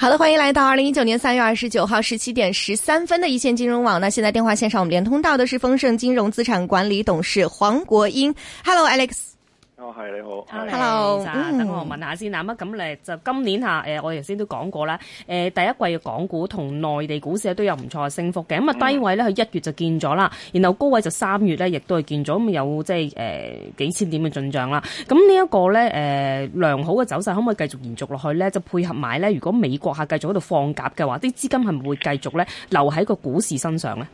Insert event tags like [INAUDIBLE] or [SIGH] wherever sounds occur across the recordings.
好的，歡迎來到二零一九年三月二十九號十七點十三分的一綫金融網。那現在電話線上我們連通到的是豐盛金融資產管理董事黃國英。Hello，Alex。係你好，Hello，等我問下先嗱、啊，咁咁咧就今年吓，誒，我頭先都講過啦，誒，第一季嘅港股同內地股市都有唔錯嘅升幅嘅，咁啊低位咧，佢一月就見咗啦，嗯、然後高位就三月咧，亦都係見咗，咁有即係誒幾千點嘅進賬啦。咁呢一個咧，誒、呃、良好嘅走勢可唔可以繼續延續落去咧？就配合埋咧，如果美國下繼續喺度放鴿嘅話，啲資金係唔會繼續咧留喺個股市身上咧？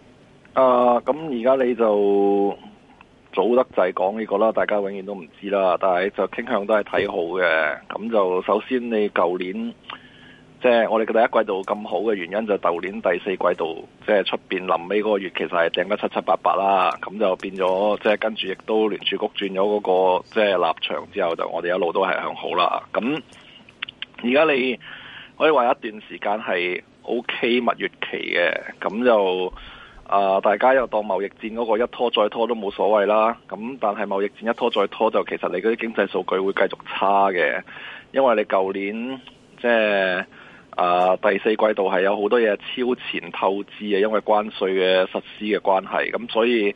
誒、啊，咁而家你就。得就係講呢個啦，大家永遠都唔知啦。但係就傾向都係睇好嘅。咁就首先你舊年即係、就是、我哋嘅第一季度咁好嘅原因，就舊年第四季度即係出邊臨尾嗰個月，其實係頂得七七八八啦。咁就變咗，即、就、係、是、跟住亦都聯儲局轉咗嗰個即係、就是、立場之後，就我哋一路都係向好啦。咁而家你可以話一段時間係 O K 蜜月期嘅，咁就。啊、呃！大家又當貿易戰嗰個一拖再拖都冇所謂啦。咁但係貿易戰一拖再拖，就其實你嗰啲經濟數據會繼續差嘅，因為你舊年即係啊、呃、第四季度係有好多嘢超前透支嘅，因為關稅嘅實施嘅關係。咁所以。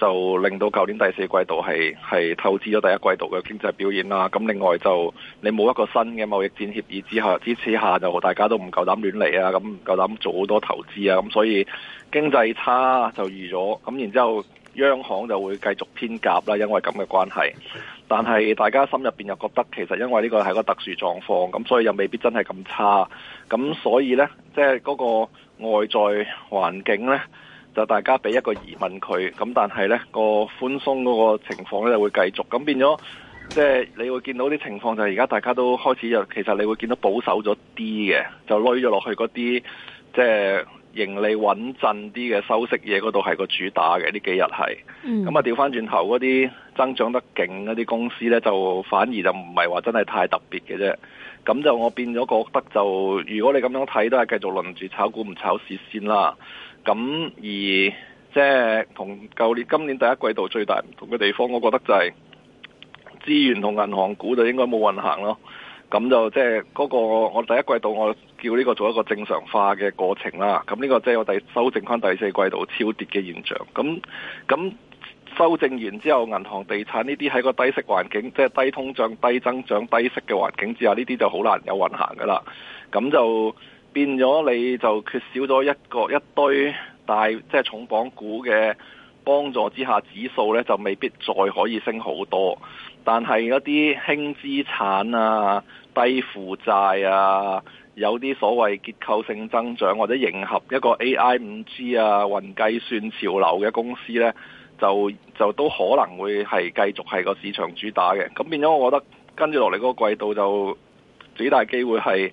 就令到舊年第四季度係係透支咗第一季度嘅經濟表現啦。咁另外就你冇一個新嘅貿易戰協議之下，支持下就大家都唔夠膽亂嚟啊，咁唔夠膽做好多投資啊。咁所以經濟差就預咗。咁然之後央行就會繼續偏鴿啦，因為咁嘅關係。但係大家心入面又覺得其實因為呢個係個特殊狀況，咁所以又未必真係咁差。咁所以呢，即係嗰個外在環境呢。就大家俾一個疑問佢，咁但係呢、嗰個寬鬆嗰個情況呢，就會繼續，咁變咗即係你會見到啲情況就係而家大家都開始，又其實你會見到保守咗啲嘅，就攞咗落去嗰啲即係盈利穩陣啲嘅收息嘢嗰度係個主打嘅呢幾日係，咁啊調翻轉頭嗰啲增長得勁嗰啲公司呢，就反而就唔係話真係太特別嘅啫，咁就我變咗覺得就如果你咁樣睇都係繼續輪住炒股唔炒市先啦。咁而即係同舊年今年第一季度最大唔同嘅地方，我覺得就係資源同銀行股就應該冇運行咯。咁就即係嗰個我第一季度我叫呢個做一個正常化嘅過程啦。咁呢個即係我哋修正翻第四季度超跌嘅現象。咁咁修正完之後，銀行、地產呢啲喺個低息環境，即係低通脹低增長、低息嘅環境之下，呢啲就好難有運行噶啦。咁就變咗你就缺少咗一個一堆大即係、就是、重磅股嘅幫助之下，指數咧就未必再可以升好多。但係一啲輕資產啊、低負債啊、有啲所謂結構性增長或者迎合一個 AI 五 G 啊、雲計算潮流嘅公司咧，就就都可能會係繼續係個市場主打嘅。咁變咗，我覺得跟住落嚟嗰個季度就幾大機會係。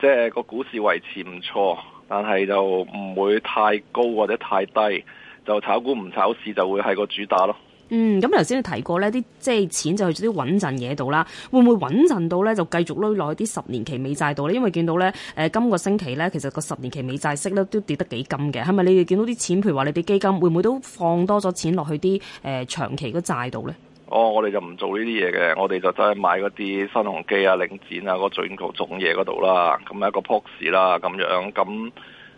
即係個股市維持唔錯，但係就唔會太高或者太低，就炒股唔炒市就會係個主打咯。嗯，咁頭先你提過呢啲即係錢就去啲穩陣嘢度啦，會唔會穩陣到呢？就繼續攞落去啲十年期美債度呢？因為見到呢，誒、呃、今個星期呢，其實個十年期美債息呢都跌得幾金嘅，係咪你哋見到啲錢，譬如話你哋基金會唔會都放多咗錢落去啲誒、呃、長期嘅債度呢？哦、oh，我哋就唔做呢啲嘢嘅，我哋就真去買嗰啲新鴻基啊、領展啊嗰種種嘢嗰度啦，咁、那、一個 p o s t 啦咁樣，咁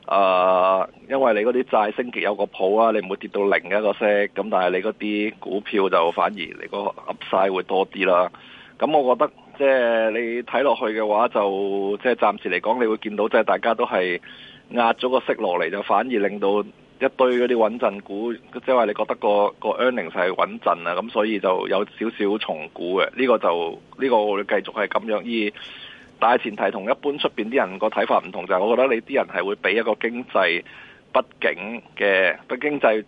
啊、呃，因為你嗰啲債升級有個譜啊，你唔會跌到零一個 set。咁但係你嗰啲股票就反而你個 up 晒會多啲啦。咁我覺得即係你睇落去嘅話就，就即係暫時嚟講，你會見到即係大家都係壓咗個息落嚟，就反而令到。一堆嗰啲穩陣股，即係話你覺得個個 earnings 係穩陣啊，咁所以就有少少重估嘅。呢個就呢個我哋繼續係咁樣。而大前提同一般出面啲人個睇法唔同就係，我覺得你啲人係會俾一個經濟不景嘅、不經濟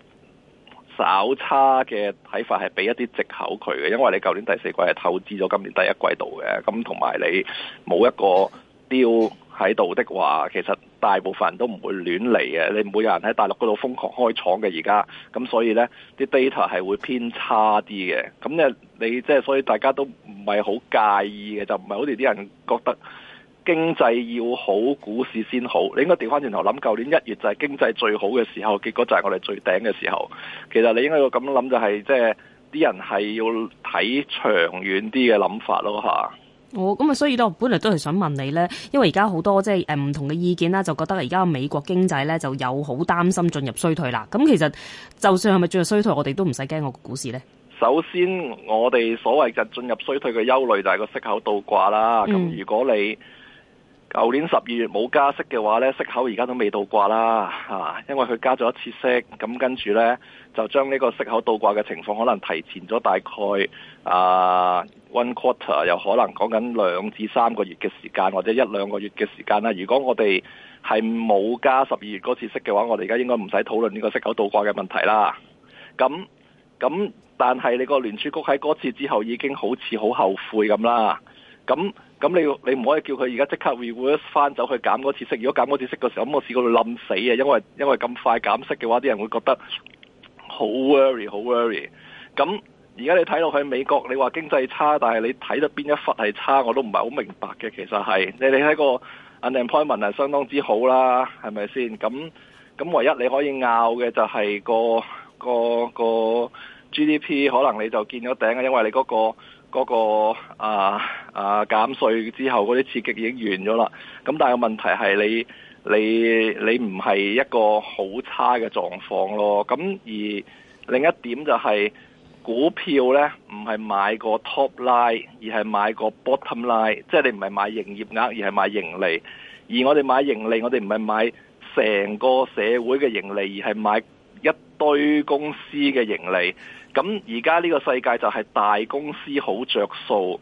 稍差嘅睇法，係俾一啲藉口佢嘅。因為你舊年第四季係透支咗今年第一季度嘅，咁同埋你冇一個標。喺度的話，其實大部分人都唔會亂嚟嘅。你唔會有人喺大陸嗰度瘋狂開廠嘅而家，咁所以呢啲 data 係會偏差啲嘅。咁你即係所以大家都唔係好介意嘅，就唔係好似啲人覺得經濟要好，股市先好。你應該掉翻轉頭諗，舊年一月就係經濟最好嘅時候，結果就係我哋最頂嘅時候。其實你應該要咁諗，就係即係啲人係要睇長遠啲嘅諗法咯，嚇。我，咁啊、哦，所以咧，我本來都係想問你咧，因為而家好多即係誒唔同嘅意見啦，就覺得而家美國經濟咧，就有好擔心進入衰退啦。咁其實就算係咪進入衰退，我哋都唔使驚個股市咧。首先，我哋所謂嘅進入衰退嘅憂慮就係個息口倒掛啦。咁如果你，嗯舊年十二月冇加息嘅話呢，息口而家都未倒掛啦，啊，因為佢加咗一次息，咁跟住呢，就將呢個息口倒掛嘅情況，可能提前咗大概啊 one quarter，又可能講緊兩至三個月嘅時間，或者一兩個月嘅時間啦。如果我哋係冇加十二月嗰次息嘅話，我哋而家應該唔使討論呢個息口倒掛嘅問題啦。咁咁，但係你個聯儲局喺嗰次之後已經好似好後悔咁啦。咁咁你你唔可以叫佢而家即刻 reverse 翻走去減嗰次息，如果減嗰次息嘅時候，咁我試過度冧死啊！因為因為咁快減息嘅話，啲人會覺得好 worry，好 worry。咁而家你睇落去美國，你話經濟差，但係你睇到邊一忽係差，我都唔係好明白嘅。其實係你你睇個 unemployment 係相當之好啦，係咪先？咁咁唯一你可以拗嘅就係、嗰個個個 GDP 可能你就見咗頂啊，因為你嗰、嗰個。嗰個啊啊減稅之後嗰啲刺激已經完咗啦，咁但係問題係你你你唔係一個好差嘅狀況咯，咁而另一點就係股票呢唔係買個 top line，而係買個 bottom line，即係你唔係買營業額，而係買盈利，而我哋買盈利，我哋唔係買成個社會嘅盈利，而係買。一堆公司嘅盈利，咁而家呢個世界就係大公司好着數，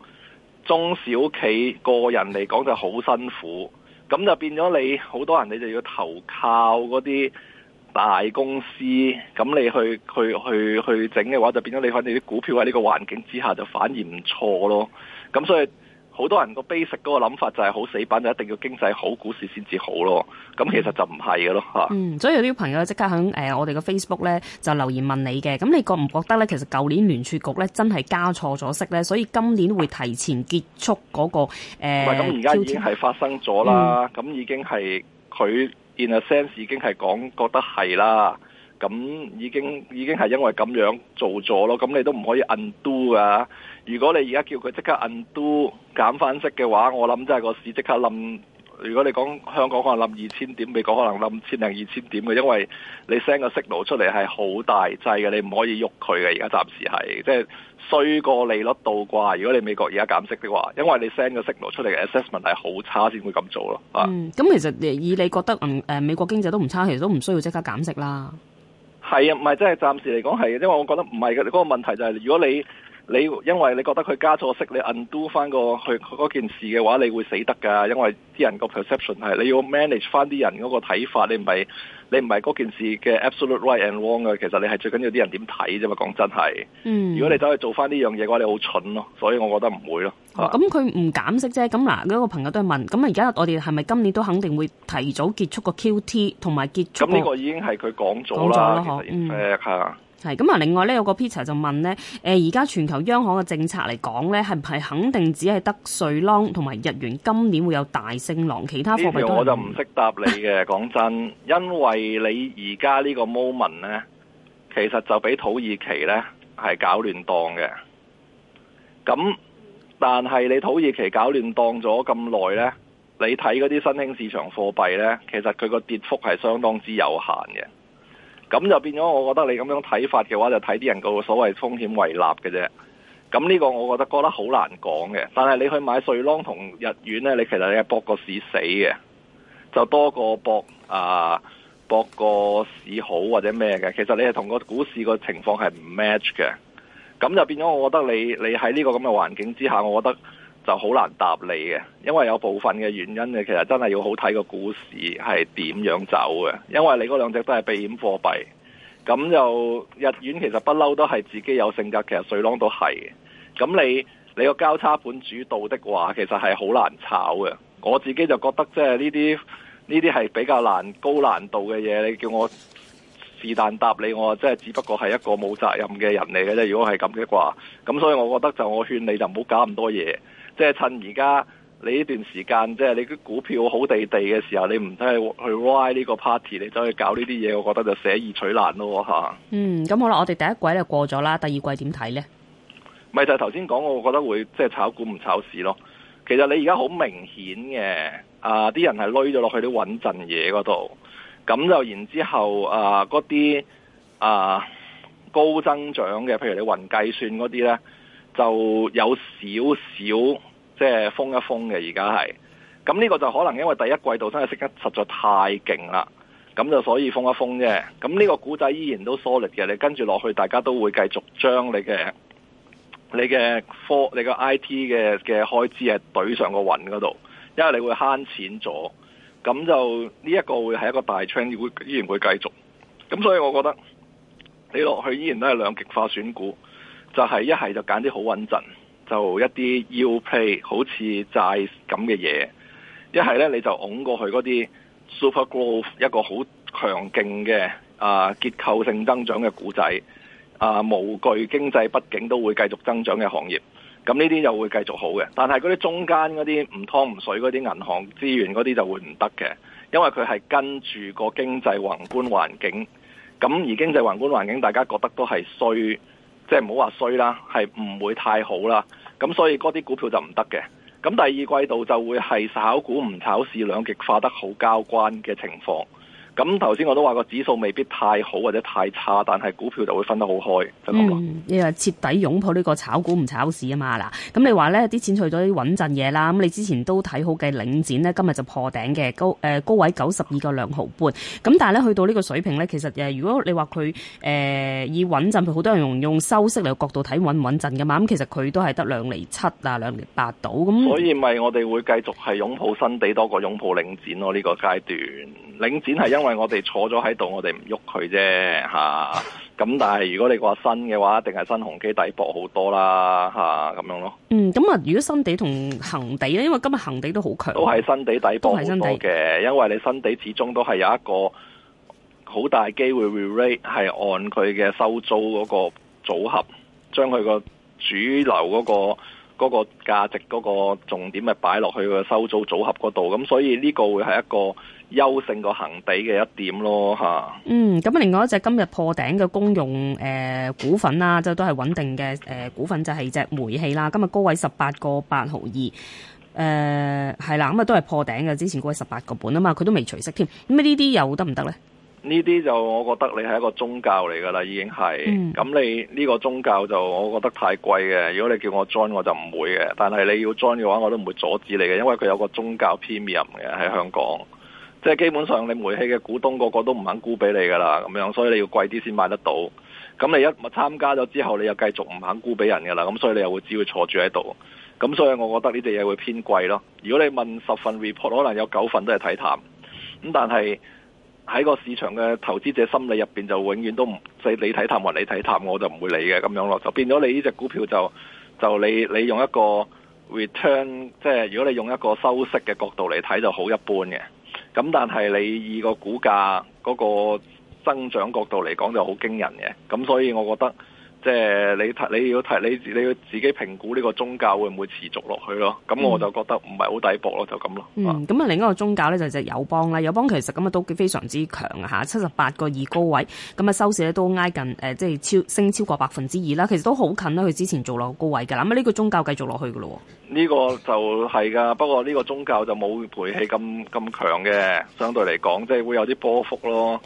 中小企個人嚟講就好辛苦，咁就變咗你好多人你就要投靠嗰啲大公司，咁你去去去去整嘅話，就變咗你，反正你啲股票喺呢個環境之下就反而唔錯咯，咁所以。好多人個 basic 嗰個諗法就係好死板，就一定要經濟好，股市先至好咯。咁其實就唔係嘅咯嚇。嗯，所以有啲朋友即刻響誒、呃、我哋嘅 Facebook 咧就留言問你嘅。咁你覺唔覺得咧？其實舊年聯儲局咧真係加錯咗息咧，所以今年會提前結束嗰、那個誒。咁而家已經係發生咗啦。咁、嗯、已經係佢 in a sense 已經係講覺得係啦。咁已經已經係因為咁樣做咗咯。咁你都唔可以 undo 噶。如果你而家叫佢即刻 undo 減翻息嘅話，我諗真係個市即刻冧。如果你講香港可能冧二千點，美國可能冧千零二千點嘅，因為你 send 個訊息出嚟係好大劑嘅，你唔可以喐佢嘅。而家暫時係即係衰過利率倒掛。如果你美國而家減息嘅話，因為你 send 個訊息出嚟嘅 assessment 係好差才這樣，先會咁做咯。咁其實以你覺得美國經濟都唔差，其實都唔需要即刻減息啦。係啊，唔係即係暫時嚟講係，因為我覺得唔係嘅嗰個問題就係如果你。你因為你覺得佢加咗息，你 undo 翻個佢嗰件事嘅話，你會死得㗎。因為啲人個 perception 係：你要 manage 翻啲人嗰個睇法，你咪你唔係嗰件事嘅 absolute right and wrong 嘅。其實你係最緊要啲人點睇啫嘛。講真係，嗯、如果你走去做翻呢樣嘢嘅話，你好蠢咯。所以我覺得唔會咯。咁佢唔減息啫。咁嗱，嗰、嗰個朋友都係問，咁而家我哋係咪今年都肯定會提早結束個 QT 同埋結束？咁呢個已經係佢講咗啦。講咗啦，係咁啊！另外咧，有個 Peter 就問咧，呃、而家全球央行嘅政策嚟講咧，係唔係肯定只係得瑞郎同埋日元今年會有大升浪？其他貨幣呢條我就唔識答你嘅，講 [LAUGHS] 真，因為你而家呢個 moment 咧，其實就俾土耳其咧係搞亂檔嘅。咁，但係你土耳其搞亂檔咗咁耐咧，你睇嗰啲新興市場貨幣咧，其實佢個跌幅係相當之有限嘅。咁就變咗，我覺得你咁樣睇法嘅話，就睇啲人個所謂風險胃納嘅啫。咁呢個我覺得覺得好難講嘅。但係你去買瑞郎同日元呢，你其實你係博個市死嘅，就多過博啊博個市好或者咩嘅。其實你係同個股市個情況係唔 match 嘅。咁就變咗，我覺得你你喺呢個咁嘅環境之下，我覺得。就好難答你嘅，因為有部分嘅原因你，其實真係要好睇個股市係點樣走嘅。因為你嗰兩隻都係避險貨幣，咁就日元其實不嬲都係自己有性格，其實瑞郎都係。咁你你個交叉盤主導的話，其實係好難炒嘅。我自己就覺得即係呢啲呢啲係比較難高難度嘅嘢，你叫我是但答你，我即係只不過係一個冇責任嘅人嚟嘅啫。如果係咁嘅話，咁所以我覺得就我勸你就唔好搞咁多嘢。即係趁而家你呢段時間，即係你啲股票好地地嘅時候，你唔使係去 ride 呢個 party，你走去搞呢啲嘢，我覺得就捨易取難咯嚇。嗯，咁好啦，我哋第一季就過咗啦，第二季點睇咧？咪就係頭先講，我覺得會即係炒股唔炒市咯。其實你而家好明顯嘅啊，啲、呃、人係累咗落去啲穩陣嘢嗰度，咁就然之後啊，嗰啲啊高增長嘅，譬如你雲計算嗰啲咧，就有少少。即係封一封嘅，而家係，咁呢個就可能因為第一季度真係升得實在太勁啦，咁就所以封一封啫。咁呢個股仔依然都 solid 嘅，你跟住落去，大家都會繼續將你嘅你嘅科、你個 IT 嘅嘅開支係懟上個雲嗰度，因為你會慳錢咗，咁就呢一個會係一個大 change，會依然會繼續。咁所以我覺得你落去依然都係兩極化選股，就係、是、一係就揀啲好穩陣。就一啲要 pay 好似債咁嘅嘢，一係咧你就拱過去嗰啲 super growth 一個好強勁嘅啊結構性增長嘅股仔啊無懼經濟畢竟都會繼續增長嘅行業，咁呢啲又會繼續好嘅。但係嗰啲中間嗰啲唔湯唔水嗰啲銀行資源嗰啲就會唔得嘅，因為佢係跟住個經濟宏觀環境。咁而經濟宏觀環境大家覺得都係衰，即係唔好話衰啦，係唔會太好啦。咁所以嗰啲股票就唔得嘅，咁第二季度就會係炒股唔炒市兩極化得好交關嘅情況。咁頭先我都話個指數未必太好或者太差，但係股票就會分得好開，係咪？嗯，你話徹底擁抱呢個炒股唔炒市啊嘛，嗱，咁你話咧啲錢除咗啲穩陣嘢啦，咁你之前都睇好嘅領展呢，今日就破頂嘅高、呃、高位九十二個兩毫半，咁但係咧去到呢個水平咧，其實、呃、如果你話佢誒以穩陣，佢好多人用用收息嚟角度睇穩唔穩陣噶嘛，咁其實佢都係得兩厘七啊兩厘八到咁。所以咪我哋會繼續係擁抱新地多過擁抱領展咯、啊，呢、呢個階段領展係因為。我哋坐咗喺度，我哋唔喐佢啫，吓、啊、咁。但係如果你話新嘅話，一定係新鴻基底薄好多啦，吓、啊、咁樣咯。嗯，咁、嗯、啊，如果新地同恒地咧，因為今日恒地都好強，都係新地底薄好多嘅，因為你新地始終都係有一個好大機會，re-rate 係按佢嘅收租嗰個組合，將佢個主流嗰、嗰個嗰、嗰個價值嗰個重點咪擺落去個收租組合嗰度，咁所以呢個會係一個。優勝過恒地嘅一點咯吓，嗯，咁另外一隻今日破頂嘅公用誒、呃、股份啦，就都係穩定嘅誒、呃、股份，就係隻煤氣啦。今日高位十八個八毫二，誒係啦，咁、嗯、啊都係破頂嘅，之前高位十八個半啊嘛，佢都未除息添。咁啊呢啲又得唔得咧？呢啲、嗯、就我覺得你係一個宗教嚟噶啦，已經係。咁、嗯、你呢個宗教就我覺得太貴嘅，如果你叫我 join 我就唔會嘅，但係你要 join 嘅話，我都唔會阻止你嘅，因為佢有一個宗教 premium 嘅喺香港。即係基本上你煤氣嘅股東個個都唔肯沽俾你噶啦，咁樣所以你要貴啲先買得到。咁你一參加咗之後，你又繼續唔肯沽俾人噶啦，咁所以你又會只會坐住喺度。咁所以我覺得呢啲嘢會偏貴咯。如果你問十份 report，可能有九份都係睇淡。咁但係喺個市場嘅投資者心理入面，就永遠都唔即你睇淡或你睇淡，我就唔會理嘅咁樣咯，就變咗你呢隻股票就就你你用一個 return，即係如果你用一個收息嘅角度嚟睇就好一般嘅。咁但係你以個股價嗰個增長角度嚟講，就好驚人嘅，咁所以我覺得。即係你睇你要睇你你要自己評估呢個宗教會唔會持續落去咯？咁我就覺得唔係好抵博咯，就咁咯。嗯，咁啊另一個宗教咧就隻友邦啦，友邦其實咁啊都非常之強啊吓，七十八個二高位，咁啊收市咧都挨近誒，即係超升超過百分之二啦。其實都好近啦，佢之前做落高位噶，咁啊呢個宗教繼續落去噶咯。呢個就係噶，不過呢個宗教就冇賠氣咁咁強嘅，相對嚟講即係會有啲波幅咯。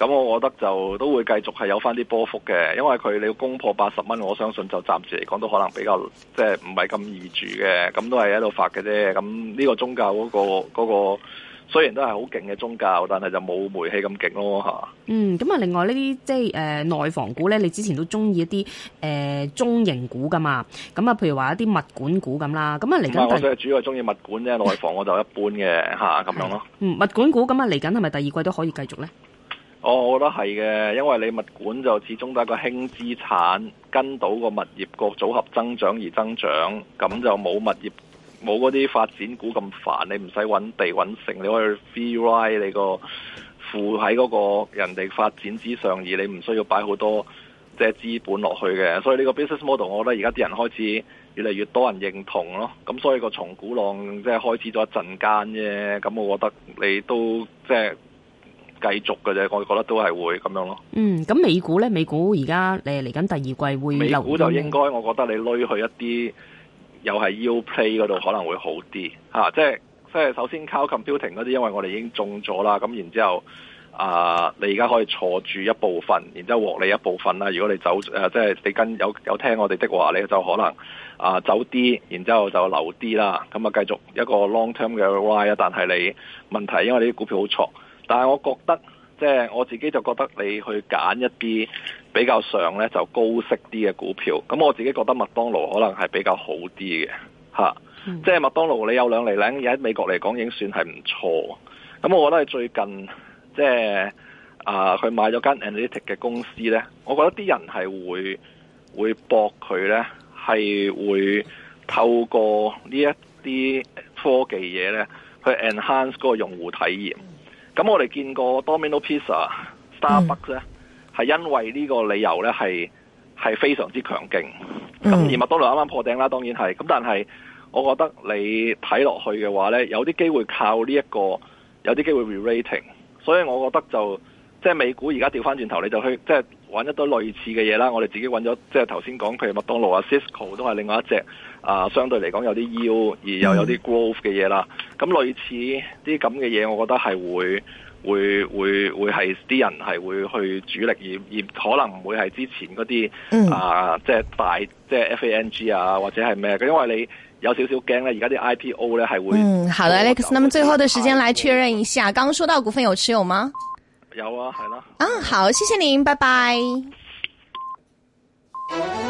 咁我覺得就都會繼續係有翻啲波幅嘅，因為佢你要攻破八十蚊，我相信就暫時嚟講都可能比較即係唔係咁易住嘅。咁都係喺度發嘅啫。咁呢個宗教嗰個，嗰個雖然都係好勁嘅宗教，但係就冇煤氣咁勁咯嚇。嗯，咁啊，另外呢啲即係、呃、內房股咧，你之前都中意一啲、呃、中型股噶嘛？咁啊，譬如話一啲物管股咁啦。咁啊，嚟緊我我嘅主要係中意物管啫， [LAUGHS] 內房我就一般嘅嚇咁樣咯。嗯，物管股咁啊，嚟緊係咪第二季都可以繼續咧？哦、我覺得係嘅，因為你物管就始終都係一個輕資產，跟到個物業個組合增長而增長，咁就冇物業冇嗰啲發展股咁煩，你唔使揾地揾成，你可以 free ride 你個附喺嗰個人哋發展之上，而你唔需要擺好多即係、就是、資本落去嘅。所以呢個 business model，我覺得而家啲人開始越嚟越多人認同咯。咁所以個重估浪即係開始咗一陣間啫。咁我覺得你都即係，就是繼續嘅啫，我覺得都係會咁樣咯。嗯，咁美股呢，美股而家你嚟緊第二季會流美股就應該，我覺得你攞去一啲又係 yield play 嗰度可能會好啲、啊、即係即係首先靠 a l l computing 嗰啲，因為我哋已經中咗啦。咁然之後啊，你而家可以坐住一部分，然之後獲利一部分啦。如果你走、啊、即係你跟有有聽我哋的話，你就可能啊走啲，然之後就留啲啦。咁啊，繼續一個 long term 嘅 ride 啊，但係你問題，因為你啲股票好錯。但係我覺得，即、就、係、是、我自己就覺得你去揀一啲比較上咧就高息啲嘅股票。咁我自己覺得麥當勞可能係比較好啲嘅，即係、嗯、麥當勞你有兩厘零嘢喺美國嚟講已經算係唔錯。咁我覺得最近即係啊，佢、就是呃、買咗間 analytics 嘅公司咧，我覺得啲人係會會搏佢咧，係會透過呢一啲科技嘢咧去 enhance 嗰個用戶體驗。咁我哋見過 Domino Pizza、Starbucks、Starbucks 咧、嗯，係因為呢個理由咧，係係非常之強勁。咁、嗯、而麥當勞啱啱破頂啦，當然係。咁但係我覺得你睇落去嘅話咧，有啲機會靠呢、這、一個，有啲機會 re-rating。Rating, 所以我覺得就即係美股而家調返轉頭，你就去即係。揾得多類似嘅嘢啦，我哋自己揾咗，即係頭先講，譬如麥當勞啊、Cisco 都係另外一隻啊、呃，相對嚟講有啲 yield 而又有啲 growth 嘅嘢啦。咁、嗯、類似啲咁嘅嘢，我覺得係會會會會係啲人係會去主力，而而可能唔會係之前嗰啲啊，即係大即係 FANG 啊或者係咩？因為你有少少驚咧，而家啲 IPO 咧係會嗯好啦，呢，咁最後嘅時間來確認一下，史剛剛說到股份有持有嗎？有啊，係啦。嗯，好，謝謝您，拜拜。 [NOISE]